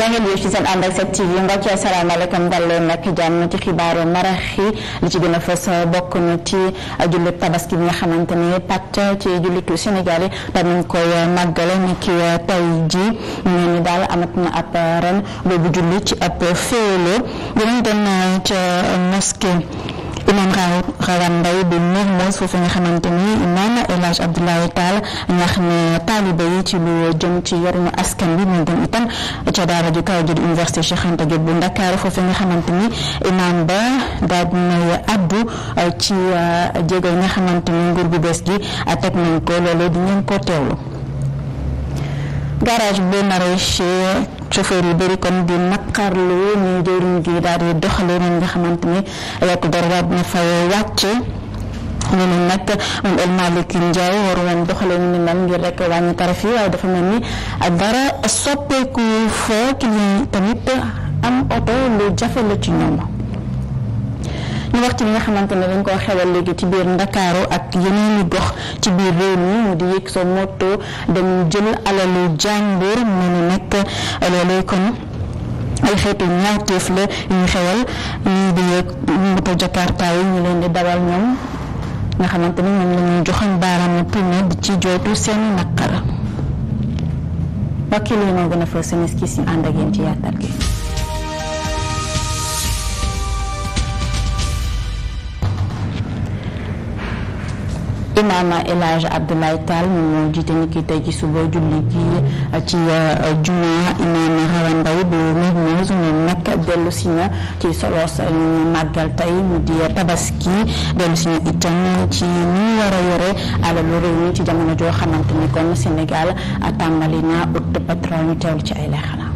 yaa ngeen yëf ci seen ànd ak 7TV mbokk yi asalaamaaleykum dal leen ak jàmm ci xibaaru marax yi li ci gën a fës euh, bokk na ci euh, jullit tabaski bi nga xamante ni ñu ci jullitu Sénégal yi danañ koy euh, màggale ni ki tey ji ñu ni daal amat na ab ren boobu julli ci ab féewaloo dinañ dem ca mosquée imam Rawane Mbaye bu Mermoz foofu nga xamante ni imaam El Hadj Abdoulaye Tall ñax ne taalibe yi ci lu jëm ci yornu askan bi mu dem itam ca daara ju kaw ji di université Cheikh Anta Diop bu Ndakaaru foofu nga xamante ni imaam ba daal dinay addu uh, ci uh, jéego nga xamante ni nguur bu bees gi uh, teg nañ ko loolu di ngeen ko teewlu garage boo naree yu bëri kon di naqarlu daal di doxalee nga xamante ni yokk dara dina fa wàcc ñu ne nag moom El Malick Ndiaye war soppeeku foo ki tamit am oto lu jafe la ci ñoom. ñu wax nga xamante ne dañ koo xewal léegi ci biir ndakaaru ak yeneeni gox ci biir réew mi mu di yëg sa moto dem jël alalu jàmbur mu ne nag loolee kon ay xeetu ñaawteef la ñu xewal ñii di yëg moto jakarta yi ñu leen di dawal ñoom nga xamante ni ñoom la baaraamu tuuma di ci jooytu seeni naqar wakil yi moo gën a fës seen skis yi ànd ak yéen ci yaatal gi imaama El Hadj Abdoulaye Tall moom jiite ni ki tey ci suba julli gi ci euh, jumaa imaama Hawa Ndaw bu moom nag dellu si na ci solos ñu màggal tey mu di tabaski dellu si itam ci ñu war yore alalu réew mi ci jamono joo xamante ni kon Sénégal a na ut pétrole ñu teewlu ci ay leexala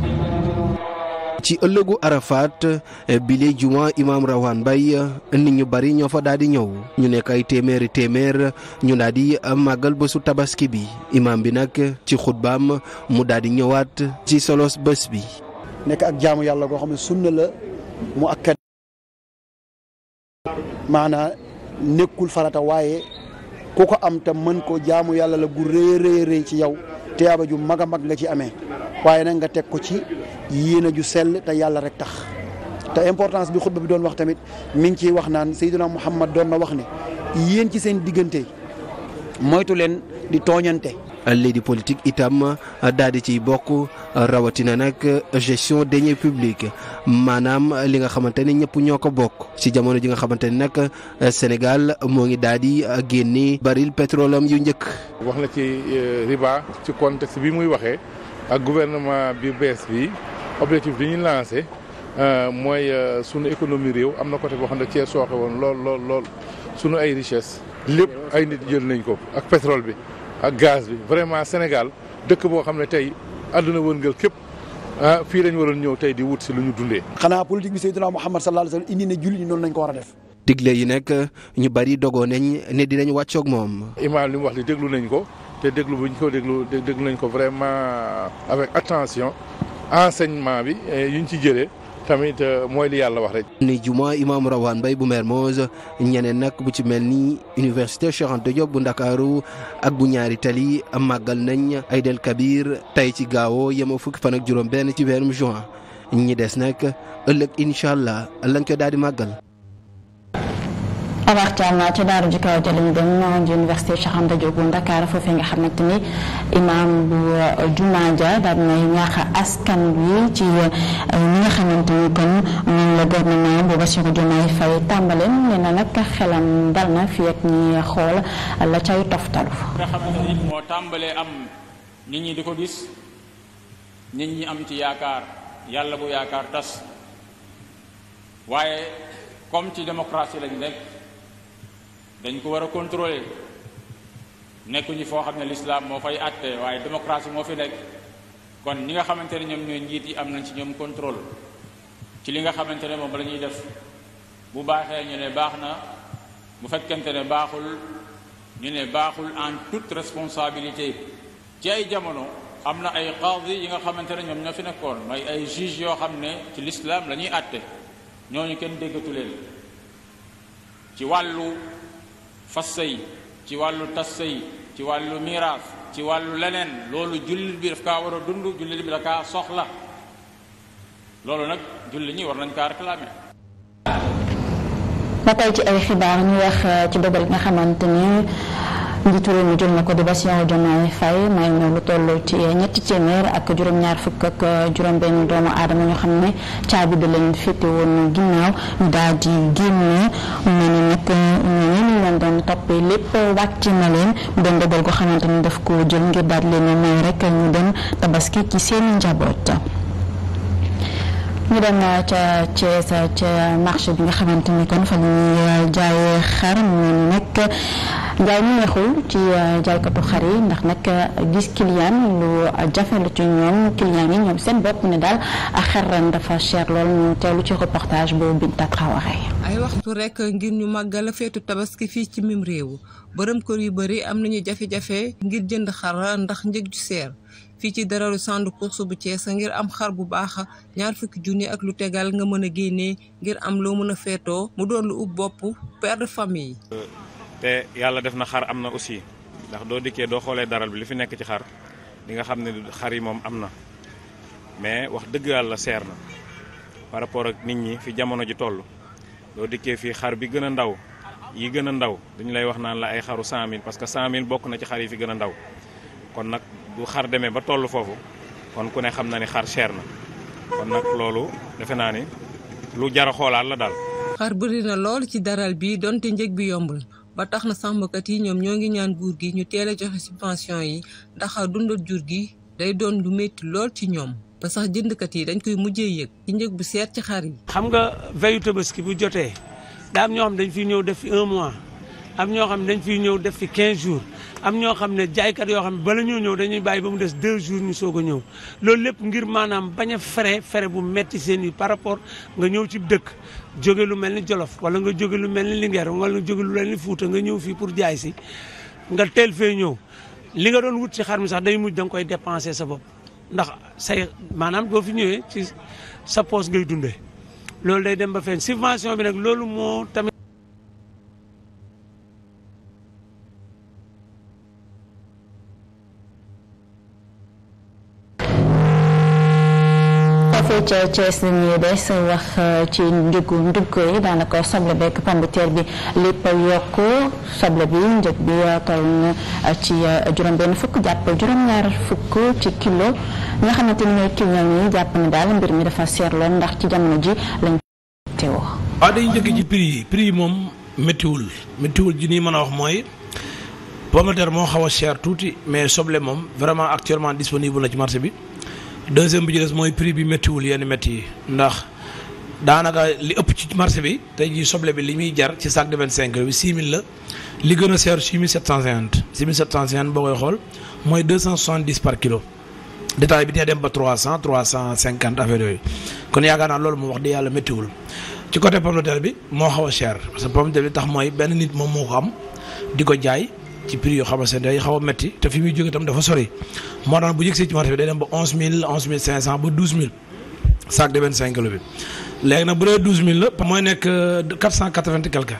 ci ëllëgu Arafat eh, bile juma imaam Rawane Mbaye eh, nit ñu bari ñoo fa daal di ñëw ñu nekk ay téeméeri téeméer ñu daal di eh, màggal bésu tabaski bi imaam bi nag ci xutbaam mu daal di ñëwaat ci solos bës bi. nekk ak jaamu yàlla goo xam ne sunna la mu akkat maanaa nekkul farata waaye ku am te mën ko jaamu yàlla la gu rëy rëy rëy ci yow te yaaba ju mag a mag nga ci amee waaye nag nga teg ko ci yéene ju sell te yàlla rek tax te importance bi xutba bi doon wax tamit mi ngi ciy wax naan Seydina Muhammad doon na wax ne yéen ci seen diggante moytu leen di tooñante. lii di politique itam daal di ciy bokk rawatina nag gestion deniers publics maanaam li nga xamante ni ñëpp ñoo ko bokk ci jamono ji nga xamante ni nag Sénégal moo ngi daal di génne baril pétrole yu njëkk. wax na ci euh, riba ci contexte bi muy waxee. ak gouvernement bi bees bi objectif bi ñu lancé euh, mooy euh, sunu économie réew am na côté boo xam ne cee sooxe woon lool lool lool sunu ay richess lépp ay nit jël nañ ko ak pétrole bi ak gaz bi vraiment Sénégal dëkk boo xam ne tey àdduna wërngël képp ah fii lañ waroon ñëw tey di wut si lu ñu dundee. xanaa politique bi Seydina Mouhamed sallallahu alayhi wa sallam indi na julli ñi noonu lañ ko war a def. digle yi nag ñu bari dogoo nañ ne dinañ wàccoog moom. imaam li mu wax li déglu nañ ko. te déglu buñ ko déglu déglu nañ ko vraiment avec attention enseignement bi yuñ ci jëlee tamit euh, mooy li yàlla wax rek. ni juma imam Rawane Mbaye bu Mermoz ñene nag bu ci mel ni université Cheikh Anta Diop bu Ndakaaru ak bu ñaari tali màggal nañ ay el Kabir tey ci gaawo yema fukki fan ak juróom benn ci weerum juin ñi des nag ëllëg incha allah lañ ko daal di màggal. Omar naa ca Daaru ji kaw ja lañu dem di université Cheikh Anta Diop bu Ndakaar foofee nga xamante ni imam bu uh, jumaa ja daal na askan wi ci uh, ñi nga xamante ni kon moom la gouvernement bu Bassirou Diomaye Faye tàmbale nee na nag xelam dal na fi ak ñi xool la cay toftalu moo tàmbalee am nit ñi di ko gis nit ñi am ci yaakaar yàlla bu yaakaar tas waaye comme ci démocratie lañ nekk dañ ko war a contrôler nekkuñu foo xam ne lislaam moo fay àtte waaye démocratie moo fi nekk kon ñi nga xamante ne ñoom ñooy njiit yi am nañ ci ñoom contrôle ci li nga xamante ne moom la ñuy def bu baaxee ñu ne baax na bu fekkente ne baaxul ñu ne baaxul en toute responsabilité ci ay jamono am na ay qaadi yi nga xamante ne ñoom ñoo fi nekkoon mooy ay juge yoo xam ne ci lislaam la ñuy àtte ñooñu kenn déggatu leen ci wàllu fas sëy ci wàllu tas sëy ci wàllu miraas ci wàllu leneen loolu jullit bi daf kaa war a dund jullit bi da kaa soxla loolu nag jullit ñi war nañ kaa réclamer ba tey ci ay xibaar ñu wax eh, ci dogal nga xamante ni njiitu réew mi jël na ko di Bassirou Diomaye Faye may na lu toll ci ñetti téeméer ak juróom-ñaar fukk ak euh, juróom-benn doomu aadama ñoo xam ne caabi da leen féete woon ginnaaw euh, ñu daal na leen mu ko xamante ni ko jël ngir daal ci seeni njaboot. ñu dem euh, ca Thiès ca marché bi nga xamante ni kon fa la ñuy jaayee xar mu nekk. jaay mu ci euh, jaaykatu xar yi ndax nag euh, gis client lu jafe la ci ñoom client yi ñoom seen bopp ne daal ak ah, xar dafa cher lool ñu teelu ci reportage boobu Binta Traoré. ay waxtu rek ngir ñu màggal feetu tabaski fii ci mim réew borom kër yu bëri am nañu jafe-jafe ngir jënd xar ndax njëg ju seer. fii ci daralu sand course bu Thiès ngir am xar bu baax ñaar fukki junni ak lu tegal nga mën a génnee ngir am loo mën a feetoo mu doon lu ub bopp père de famille. te yàlla def na xar am na aussi ndax doo dikkee doo xoolee daral bi lu fi nekk ci xar di nga xam ne xar yi moom am na mais wax dëgg yàlla seer na par rapport ak nit ñi fi jamono ji toll doo dikkee fii xar bi gën a ndaw yi gën a ndaw dañu lay wax naan la ay xaru 100000 parce que 100000 bokk na ci xar yi fi gën a ndaw kon nag bu xar demee ba toll foofu kon ku ne xam na ni xar seer na kon nag loolu defe naa ni lu jar a xoolaat la daal. xar bëri na lool ba tax na sàmmkat yi ñoom ñoo ngi ñaan buur gi ñu teel a joxe subvention yi ndax dundal jur gi day doon lu métti lool ci ñoom ba sax jëndkat yi dañ koy mujjee yëg ci njëg bu seer ci xar yi. xam nga veyu ki bu jotee daa ñoo xam dañ fiy ñëw def fi un mois am ñoo xam dañ fiy ñëw def fi quinze jours am ñoo xam ne jaaykat yoo xam ne bala ñoo ñëw dañuy bàyyi ba mu des deux jours ñu soog a ñëw loolu lépp ngir maanaam bañ a frais frais bu metti seen yi par rapport nga ñëw ci dëkk. jóge lu mel ni Jolof wala nga jóge lu mel ni Linguère wala nga lu mel ni Fuuta nga ñëw fii pour jaay si nga teel fee ñëw li nga doon wut si xar mi sax day mujj danga koy dépensé sa bopp ndax say maanaam doo fi ñëwee ci sa poos ngay dundee loolu day dem ba fenn subvention bi nag loolu moo tamit. fee ca Thiès la ñuy des wax uh, ci njëgu ndugg yi daanaka soble beeg pombiteer bi lépp yokk soble bi njëg bi uh, toll na uh, ci juróom-benn fukk jàpp juróom-ñaar fukk ci kilo nga xamante ni ñooy client yi jàpp na daal mbir mi dafa seer lool ndax ci jamono ji lañ teewoo. waaw ah, day njëkk ci prix yi prix yi moom méttiwul méttiwul ji nii mën a wax mooy. pomme de terre moo xaw a cher tuuti mais soble moom vraiment actuellement disponible na ci marché bi. deuxième bi ci mooy prix bi méttiwul yenn métti yi ndax daanaka li ëpp ci marché bi te jii soble bi li muy jar ci sac de 25 bi 6 000 la li gën a seer 6 750 6 750 boo koy xool mooy 270 par kilo détail bi dina dem ba cent 350 affaire yooyu kon yaakaar naa loolu moom wax di yàlla méttiwul ci côté pomme de terre bi moo xaw a cher parce que pomme de terre bi tax mooy benn nit moom moo ko am di ko jaay. ci prix yoo xamante ne day xaw a métti te fi muy jóge tam dafa sori moo tax bu yëgsee ci marché bi day dem ba onze mille onze mille cinq cent léegi nag bu dee mille la mooy nekk euh, quatre cent quatre vingt quelque.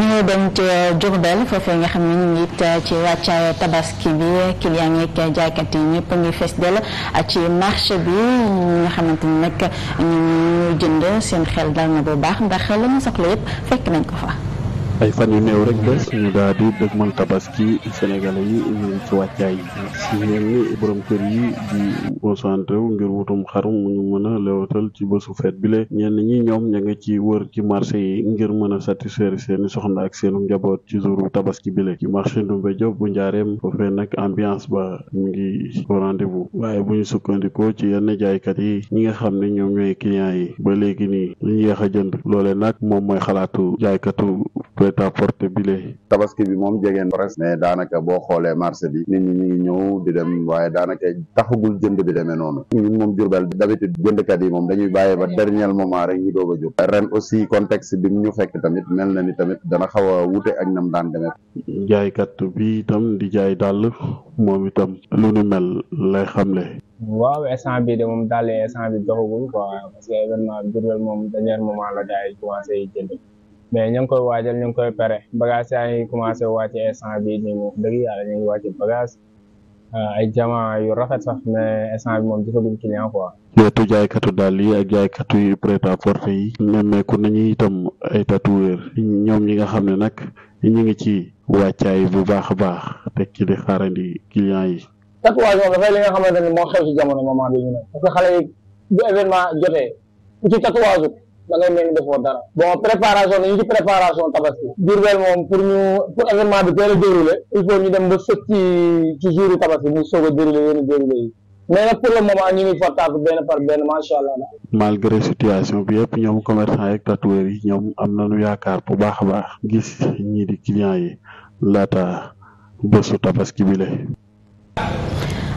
ñu dem ci euh, Diourbel foofee nga xam ne ñu ngi it euh, ci wàccaay tabaski bi client yeeg jaaykat yi ñëpp ngi fees dell ci marché bi ñi nga xamante ni nag ñu jënd seen xel dal na bu baax ndax la ñu soxla yëpp fekk nañ ko fa. ay fan yu néew rek des ñu daal di dëgmal tabaski sénégalais yi ñu ci wàccaay si ñeen borom kër yi di concentré wu ngir wutum xarum mu ñu mën a lewatal ci bésu feet bi le ñenn ñi ñoom ña nga ci wër ci marché yi ngir mën a satisfaire seeni soxna ak seenu njaboot ci jouru tabaski bi le ci marché Ndoumbé Diop bu njaareem foofee nag ambiance ba mu ngi au rendez-vous waaye buñu sukkandikoo ci yenn jaaykat yi ñi nga xam ne ñoom ñooy clients yi ba léegi nii li ñu yéex a jënd loole moom mooy xalaatu jaaykatu prêt-à-porter bile. tabaski bi moom jegeen presque mais daanaka boo xoolee marché bi nit ñi ñu ngi ñëw di dem waaye daanaka taxagul jënd bi demee noonu ñun moom Jurbel d'habitude jëndkat yi moom dañuy bàyyee ba dernier moment rek ñu doog a jóg ren aussi contexte bi ñu fekk tamit mel na ni tamit dana xaw a wute ak nam daan demee jaaykat bi itam di jaay dal moom itam lu nu mel lay xamle waaw instant bi de moom daal instant bi doxagul quoi parce que moom dernier moment la daay mais ñu ngi koy waajal ñu ngi koy pare bagage yaa ngi commencé wàcc instant bii nii ñu ngi wàcc bagage ah, ay jama yu rafet sax mais instant bi moom gisaguñ client quoi. ñeetu jaaykatu daal yi ak jaaykatu yu itam ay tatoueur ñoom ñi nga xam ne nag ñu ngi ci wàccaay bu baax a baax teg ci di xaarandi client yi. tatouage moom dafay li ñu ne parce xale yi bu événement jotee ku ci tatouage da ngay mel ni defoo dara bon préparation nañu ci préparation tabaski Diourbel moom pour ñu pour événement bi teel a déroulé il faut ñu dem ba sëg ci ci jouru tabaski mu soog a déroulé yenn déroulé yi mais nag pour le moment ñu ngi fortaatu benn par benn macha allah. malgré situation bi yëpp ñoom commerçant yeeg tatoueur yi ñoom am nañu yaakaar bu baax a baax gis ñii di clients yi laata bésu tabaski bi la.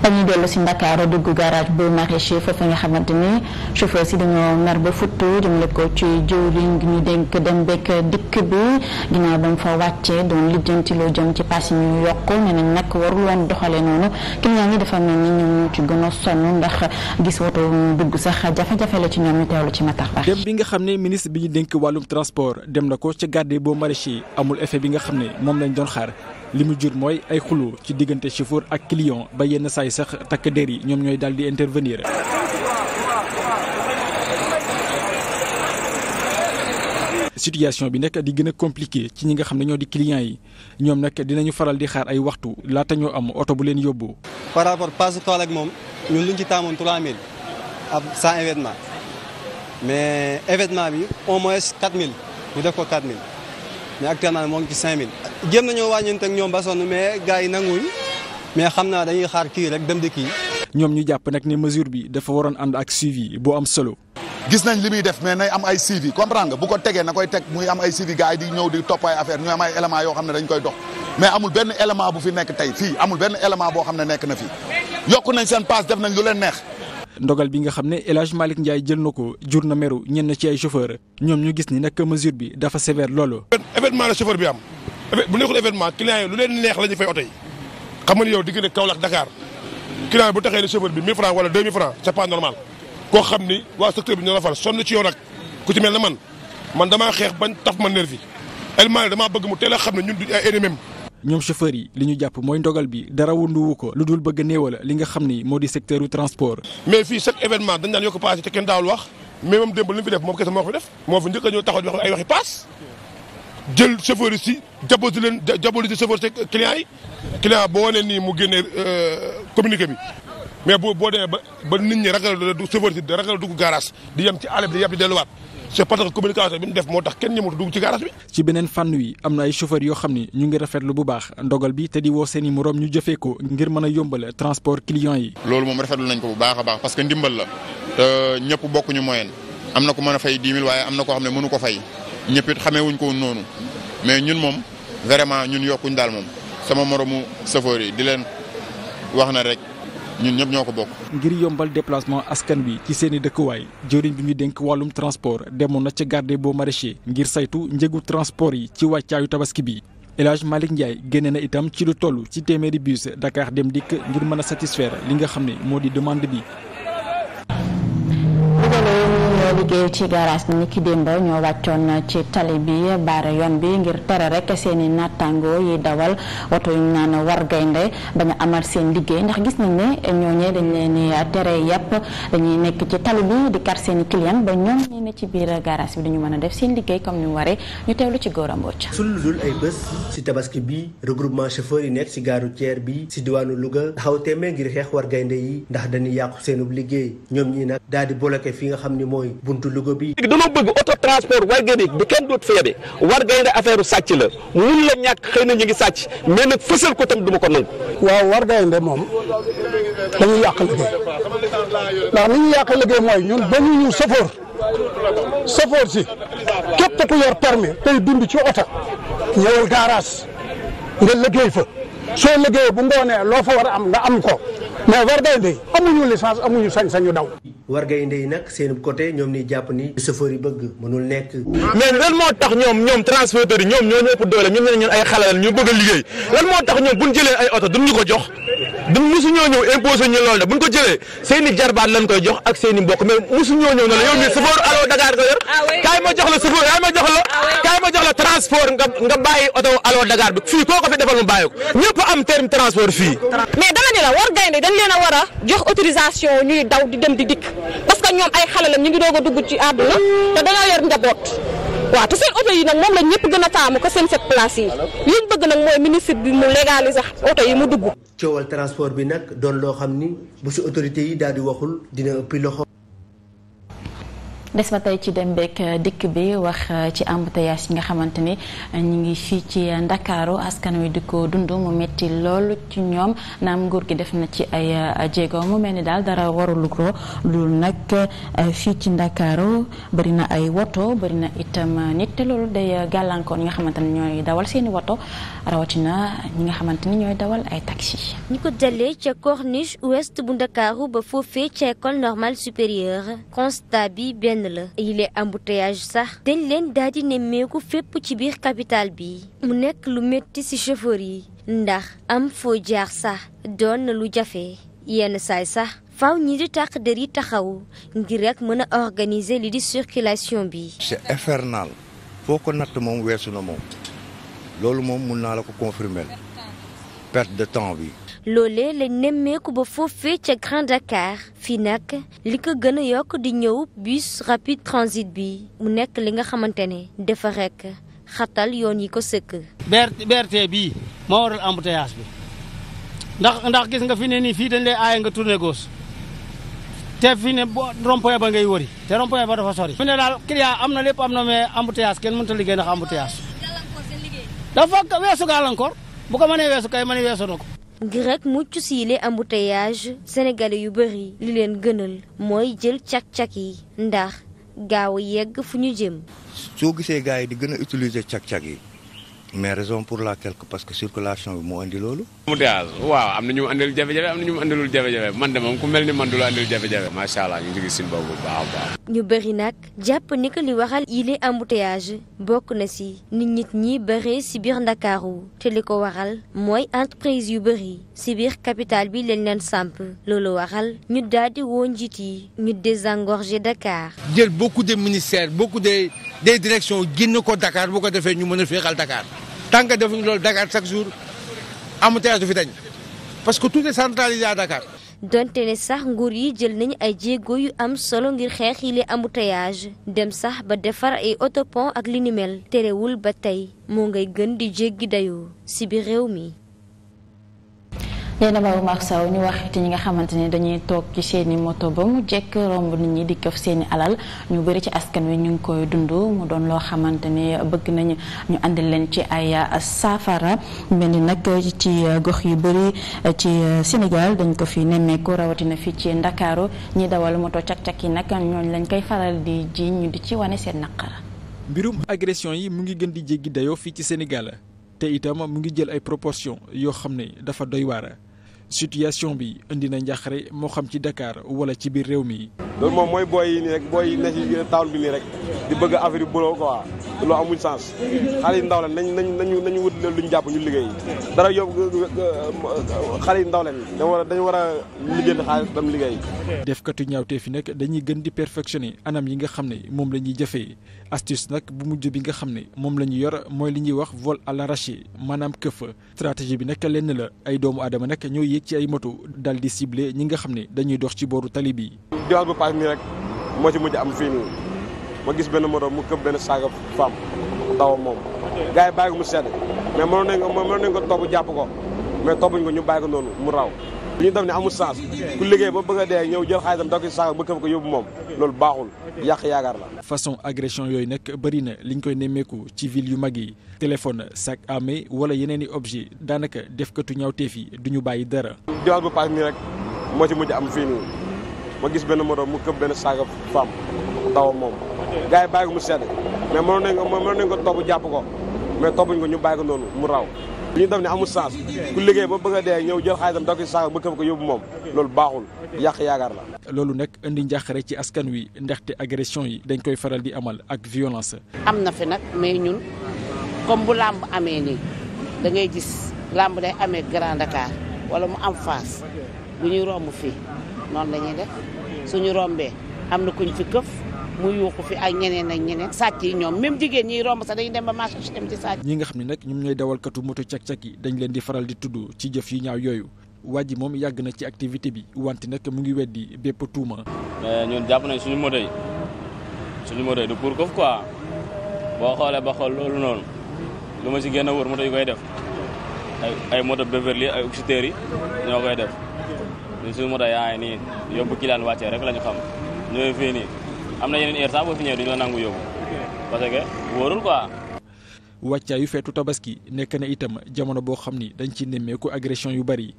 ba ñuy dellu si Ndakaaru dugg garage bu maraîcher foofu nga xamante ni chauffeur si dañoo mer ba futtu jëmale ko ci jëwriñ gi ñu dénk dem bekk dikk bi ginnaaw ba mu fa wàccee doon lijjanti loo jëm ci pass yi ñu yokk nee nañ nag warul woon doxalee noonu client yi dafa mel ni ñoom ci gën a sonn ndax gis woto dugg sax jafe-jafe la ci ñoom ñu teewlu ci ma tax Ba. dem bi nga xam ne ministre bi ñu dénk wàllum transport dem na ko ci gàdde boo maraîcher amul effet bi nga xam ne moom lañ doon xaar. li mu jur mooy ay xuloo ci diggante chauffeur ak client ba yenn saay sax takk der yi ñoom ñooy daal di intervenir. situation bi nag di gën a compliqué ci ñi nga xam ne ñoo di clients yi ñoom nag dinañu faral di xaar ay waxtu laata ñoo am oto bu leen yóbbu. par rapport passe Kaolack moom ñun luñ ci taamoon 3000 ab sans événement mais événement bi au moins 4000 ñu def ko 4000 mais actuellement moo ngi ci 5000. jéem nañoo wàññante ak ñoom ba sonn mais gars yi nanguñ mais xam naa dañuy xaar kii rek dem di kii. ñoom ñu jàpp nag ne mesure bi dafa waroon ànd ak suivi bu am solo. gis nañ li muy def mais nay am ay suivi comprendre bu ko tegee na koy teg muy am ay suivi gars yi di ñëw di topp ay affaire ñu am ay éléments yoo xam ne dañ koy dox mais amul benn élément bu fi nekk tey fii amul benn boo xam ne nekk na fi yokku seen paas def nañ leen neex. ndogal bi nga xam ne El Hadj Malick jël na ko jur na meru ñenn ci ay chauffeur ñoom ñu gis ni nag mesure bi dafa sévère loolu. événement la chauffeur bi am. bu neexul événement client yi lu leen neex la ñu oto yi xam nga ni yow diggante Kaolack Dakar client bu taxee ne chauffeur bi 1000 francs wala 2000 francs c'est pas normal koo xam ni waa secteur bi ñoo la sonn ci yow nag ku ci mel na man man damaa xeex bañ taf ma nervi elmaane damaa bëgg mu teel a xam ne ñun du ay ennemi ñoom chauffeur yi li ñu jàpp mooy ndogal bi dara wunduwu ko lu dul bëgg néewala li nga xam ni moo di secteur u transport mais ko fi moo fi njëkk jël chauffeur yi si jaboti leen jabolisi chauffeur si client yi client boo wanee nii mu génnee euh, communiqué bi mais boo boo demee ba ba nit ñi ragal du chauffeur si ragal dugg garage di yem ci àll bi di yem di delluwaat c'est parce que communication bi ñu def moo tax kenn ñëmatu dugg ci garage bi ci beneen fànn yi am na ay chauffeur yoo xam ni ñu ngi rafetlu bu baax ndogal bi te di woo seen moroom ñu jëfee ko ngir mën a yombal transport client yi loolu moom rafetlu nañ ko bu baax a parce que ndimbal la euh, ñëpp bokkuñu moyen am na ko mën a fay 10 waaye am na koo xam ne mënu ko fay ñëpp it xamee wuñ ko woon noonu mais ñun moom vraiment ñun yokkuñ daal moom sama moroomu chauffeur yi di leen wax na rek ñun ñëpp ñoo ko bokk. ngir yombal déplacement askan wi ci seen i dëkkuwaay jëriñ bi ñu dénk wàllum transport demoon na ca garde boo maraîcher ngir saytu njëgu transport yi ci wàccaayu tabaski bi. El Hadj Malick Ndiaye génne na itam ci lu toll ci téeméeri bus Dakar dem dikk ngir mën a satisfaire li nga xam ne moo di demande bi. ñoo liggéey ci garage bi ni ki démb ñoo wàccoon ci tali bi baare yoon bi ngir tere rek seen i nattangoo yi dawal oto yu naan war gaynde bañ a amal seen liggéey ndax gis nañ ne ñooñee dañ leen di tere yàpp dañuy nekk ci tali bi di kar seen i client ba ñoom ñi ne ci biir garage bi dañu mën a def seen liggéey comme ni mu waree ñu teewlu ci góor ambooc su lu dul ay bés si tabaski bi regroupement chauffeur yi nekk si gaaru ceer bi si diwaanu Louga taxaw téeméer ngir xeex war gaynde yi ndax dañuy yàqu seenub liggéey ñoom ñi nag daal di bloqué xam ni buntu Louga bi dañoo bëgg auto transport wargani bi kenn doot fayabe wargay ne affaire sàcc la mun la ñàkk xëy na ñu ngi sàcc mais nag fësal ko tam du ko nangu waaw wargay nde moom dañuy yàq liggéey ndax li ñu yàq liggéey ñu ñu safoor safoor si képp ku yor permis tey dund ci oto ñëwal garage nga liggéey fa soo liggéeyee bu ngoonee loo fa war a am nga am ko mais wargay ndey amuñu licence amuñu sañ-sañu daw wargaynde yi nag seen côté ñoom ni jàpp ni chauffeur yi bëgg mënul nekk mais lan moo tax ñoom ñoom yi ñoom ñoo ñëpp doole a ñoo ne la yow mi ah ah bi fii koo fi defal mu bàyyi ko ñëpp am terme transport fii mais dama ne la wargaynde dañ leen a war a jox autorisation ñuy daw di dem di dikk parce que ñoom ay xale la ñu ngi doog a dugg ci àdduna te dañoo yor njaboot waaw te seen oto yi nag moom lañ ñëpp gën a taamu ko seen set place yi li ñu bëgg nag mooy ministre bi mu légaliser oto yi mu dugg. coowal transport bi nag doon loo xam ni bu si autorité yi daal di waxul dina ëppi loxo. des ba tey ci dem beek euh, dikk bi wax euh, ci embouteillage yi nga xamante ni euh, ñu ngi fii ci ndakaaru askan wi di ko dund mu metti loolu ci ñoom naam nguur gi def na ci ay jéego mu mel ni daal dara warul ko lu nag fii ci ndakaaru bëri na ay woto bëri na itam nit te loolu day gàllankoor yi nga xamante ni ñooy dawal seeni woto rawatina ñi nga xamante ni ñooy dawal ay taxi. ñu ko dalee ca corniche ouest bu ndakaaru ba foofee ca école normale supérieure constat benn la yile embouteillage sax dañ leen daal di nemmeeku fépp ci biir capital bi mu nekk lu metti ci chauffeur yi ndax am foo jaar sax doon na lu jafe yenn saay sax faw ñii di tàq der yi taxaw ngir rek mën a organiser li di circulation bi. c'est infernal foo ko natt moom weesu na moom loolu moom mun naa la ko confirmer perte de temps bi. loolee lañ nemmeeku ba foofee ca Grand Dakar fii nag li ko gën a yokk di ñëw bus rapide transit bi mu nekk li nga xamante ne dafa rek xatal yoon yi ko sëkk. BRT bi moo waral embouteillage bi ndax ndax gis nga fi ne nii fii dañ lay aaye nga tourné gauche te fi ne boo rond-point ba ngay wëri te rond-point ba dafa sori. fi ne am na lépp am na mais embouteillage kenn mënut a liggéey ndax embouteillage dafa weesu gàllankoor bu ko mënee weesu kay mënee weesu na ko. ngir rek mucc si le embouteillage sénégalais yu bëri li leen gënal mooy jël cak-cak yi ndax gaaw a yegg fu ñu jëm soo gisee gars yi di gën a utiliser cak-cak yi mais raison pour laquelle parce que circulation bi moo indi loolu embouteillage waaw am na ñu andil jafe-jafe am na ñu andilul jafe-jafe man de ku mel ni man du la andil jafe allah ñu ngi sin bu baax baax ñu bëri nag jàpp ni que li waxal yile embouteillage bokk na si nit ñit ñi bëree si biir ndakaaru te li ko waxal mooy entreprise yu bëri si biir capitale bi lañ leen samp loolu waral ñu daal di woo njiit yi ñu désengorger Dakar. jël beaucoup de ministères beaucoup de direction directions génn ko Dakar bu ko defee ñu mën a féexal dakaar tant que defuñu loolu Dakar chaque jour. embouteillage du fi dañ parce que tout est centralisé à donte ne sax nguur yi jël nañu ay jéego yu am solo ngir xeex yi li embouteillage dem sax ba defar ay autopont ak li ni mel terewul ba tey moo ngay gën di jéggi dayoo ci biir réew mi. Ndeye Daba Oumar Sow ñu wax ci ñi nga xamante ne dañuy toog ci seeni moto ba mu jekk romb nit ñi di këf seeni alal ñu bëri ci askan wi ñu ngi koy dund mu doon loo xamante ne bëgg nañu ñu àndil leen ci ay saafara mel ni nag ci gox yu bëri ci Sénégal dañ ko fi nemmeeku rawatina fii ci Ndakaaru ñi dawal moto cak-cak yi nag ñooñu lañ koy faral di ji ñu di ci wane seen naqara mbirum agression yi mu ngi gën di jéggi dayoo fii ci Sénégal te itam mu ngi jël ay proportion yoo xam ne dafa doy waar situation bi indi na njàqare moo xam ci dakaar wala ci biir réew mi. loolu moom mooy booy yi nii rek booy yi ne ci taawun bi nii rek di bëgg affaire yu buloo quoi. te loo amuñ sens xale yi ndaw leen nañ nañ nañu nañu wut luñ jàpp ñu liggéey dara yóbbu xale yi ndaw leen dañu war a dañu a liggéeyante xaalis dem liggéey defkatu ñaawtee fi nekk dañuy gën di perfectionner anam yi nga xam ne moom la ñuy jëfee astuce nag bu mujj bi nga xam ne moom la ñu yor mooy li ñuy wax vol à l'arraché maanaam këf stratégie bi nag lenn la ay doomu aadama nag ñoo yéeg ci ay moto dal di ciblé ñi nga xam ne dañuy dox ci booru tali bi diwaan bu paas mi rek moo mujj am ma gis benn moto mu këpp benn saaga femme daw moom gars bàyyi ko mu sedd mais mënoon nañ ko mënoon nañ ko topp jàpp ko mais toppuñ ko ñu bàyyi ko noonu mu raw li ñu def ne amul sens ku liggéey ba bëgg a dee ñëw jël xaalisam da ko saaga ba këpp ko yóbbu moom loolu baaxul yàq yaakaar la façon agression yooyu nag bëri na liñ koy nemmeeku ci ville yu mag yi téléphone sac à main wala yeneen i objet daanaka defkatu ñaawteef yi du ñu bàyyi dara diwaan bu paas nii rek moo ci mujj am fii nii gis benn moto mu këpp benn saaga ndawam moom gars yi bàyyi mu sedd mais moo nañ ko mënoon nañ ko topp jàpp ko mais toppuñ ko ñu bàyyi ko noonu mu raw li ñu def ne amul sens ku liggéey ba bëgg a dee ñëw jël xaalisam da koy saaka ba këf ko yóbbu moom loolu baaxul yàq yaakaar la loolu nag indi njàqare ci askan wi ndaxte agression yi dañ koy faral di amal ak violence am na fi nag mais ñun comme bu làmb amee nii da gis làmb day amee Grand Dakar wala mu am Fass bu ñuy romb fii noonu la ñuy def suñu rombee am na kuñ fi këf mu yuuxu fi ay ñeneen ak ñeneen sàcc yi ñoom même jigéen ñi romb sax dañuy dem ba marché dem ci sàcc ñi nga xam ne nag ñoom ñooy dawalkatu moto cak-cak yi leen di faral di tudd ci jëf yu ñaaw yooyu waa ji moom yàgg na ci activité bi wante nag mu ngi weddi bépp tuuma ñun jàpp nañ suñu moto yi suñu moto yi du pour kof quoi boo xoolee ba xool loolu noonu lu ma si gën a wër moto yi koy def ay moto Beverly ay Oxiteer yi ñoo koy def ñun suñu moto yaa ngi nii yóbbu kilaan wàccee rek la ñu xam ñooy fii nii am na yeneen heure sax boo fi ñëwee duñu la nangu yóbbu parce que feetu tabaski nekk na itam jamono boo xam ni dañ ci nemmeeku agression yu bari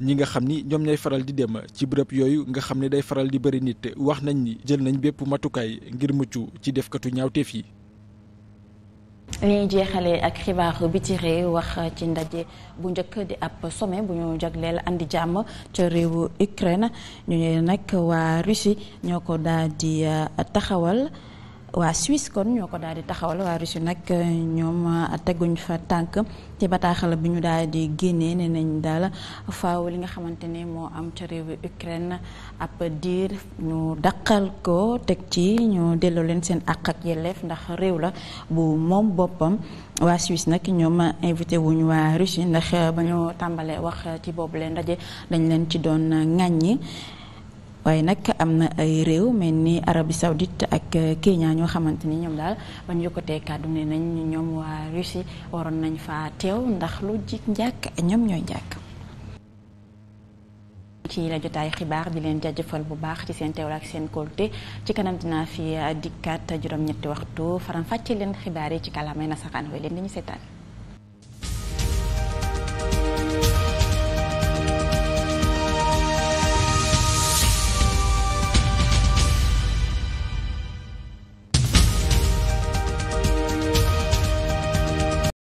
ñi nga xam ni ñoom ñooy faral di dem ci bërëb yooyu nga xam ne day faral di bari nit wax nañ ni jël nañ bépp matukaay ngir mucc ci defkatu ñaawteef yi. ñuy jeexale ak xibaaru bi ci wax ci ndaje bu njëkk di ab sommet bu ñu jagleel andi jàmm ca réewu Ukraine ñu ne nag waa Russie ñoo ko daal di euh, taxawal. waa Suisse kon ñoo ko daal di taxawal waa Russie nag ñoom ah, teguñ fa tànk ci bataaxala bi ñu daal di génnee ne nañ daal faaw li nga xamante ne moo am ca réew réewu Ukraine ab diir ñu daqal ko teg ci ñu delloo leen seen àq ak yelleef ndax réew la bu moom boppam waa Suisse nag ñoom invité wuñu waa Russie ndax ba ñu tàmbalee wax ci boobu leen ndaje dañ leen ci doon ŋàññi waaye nag am na ay réew mel ni Arabie Saoudite ak euh, Kenya ñoo xamante ni ñoom daal ba ñu yokkatee kàddu ne nañ ñoom waa Russie waroon nañu faa teew ndax lu jig njàkk ñoom ñooy njàkk. ci la jotaay xibaar di leen jaajëfal bu baax ci seen teewla ak seen kóolute ci kanam dinaa fi dikkaat juróom-ñetti waxtu faram fàcce leen xibaar yi ci na nasaraan way leen di dañu seetaan.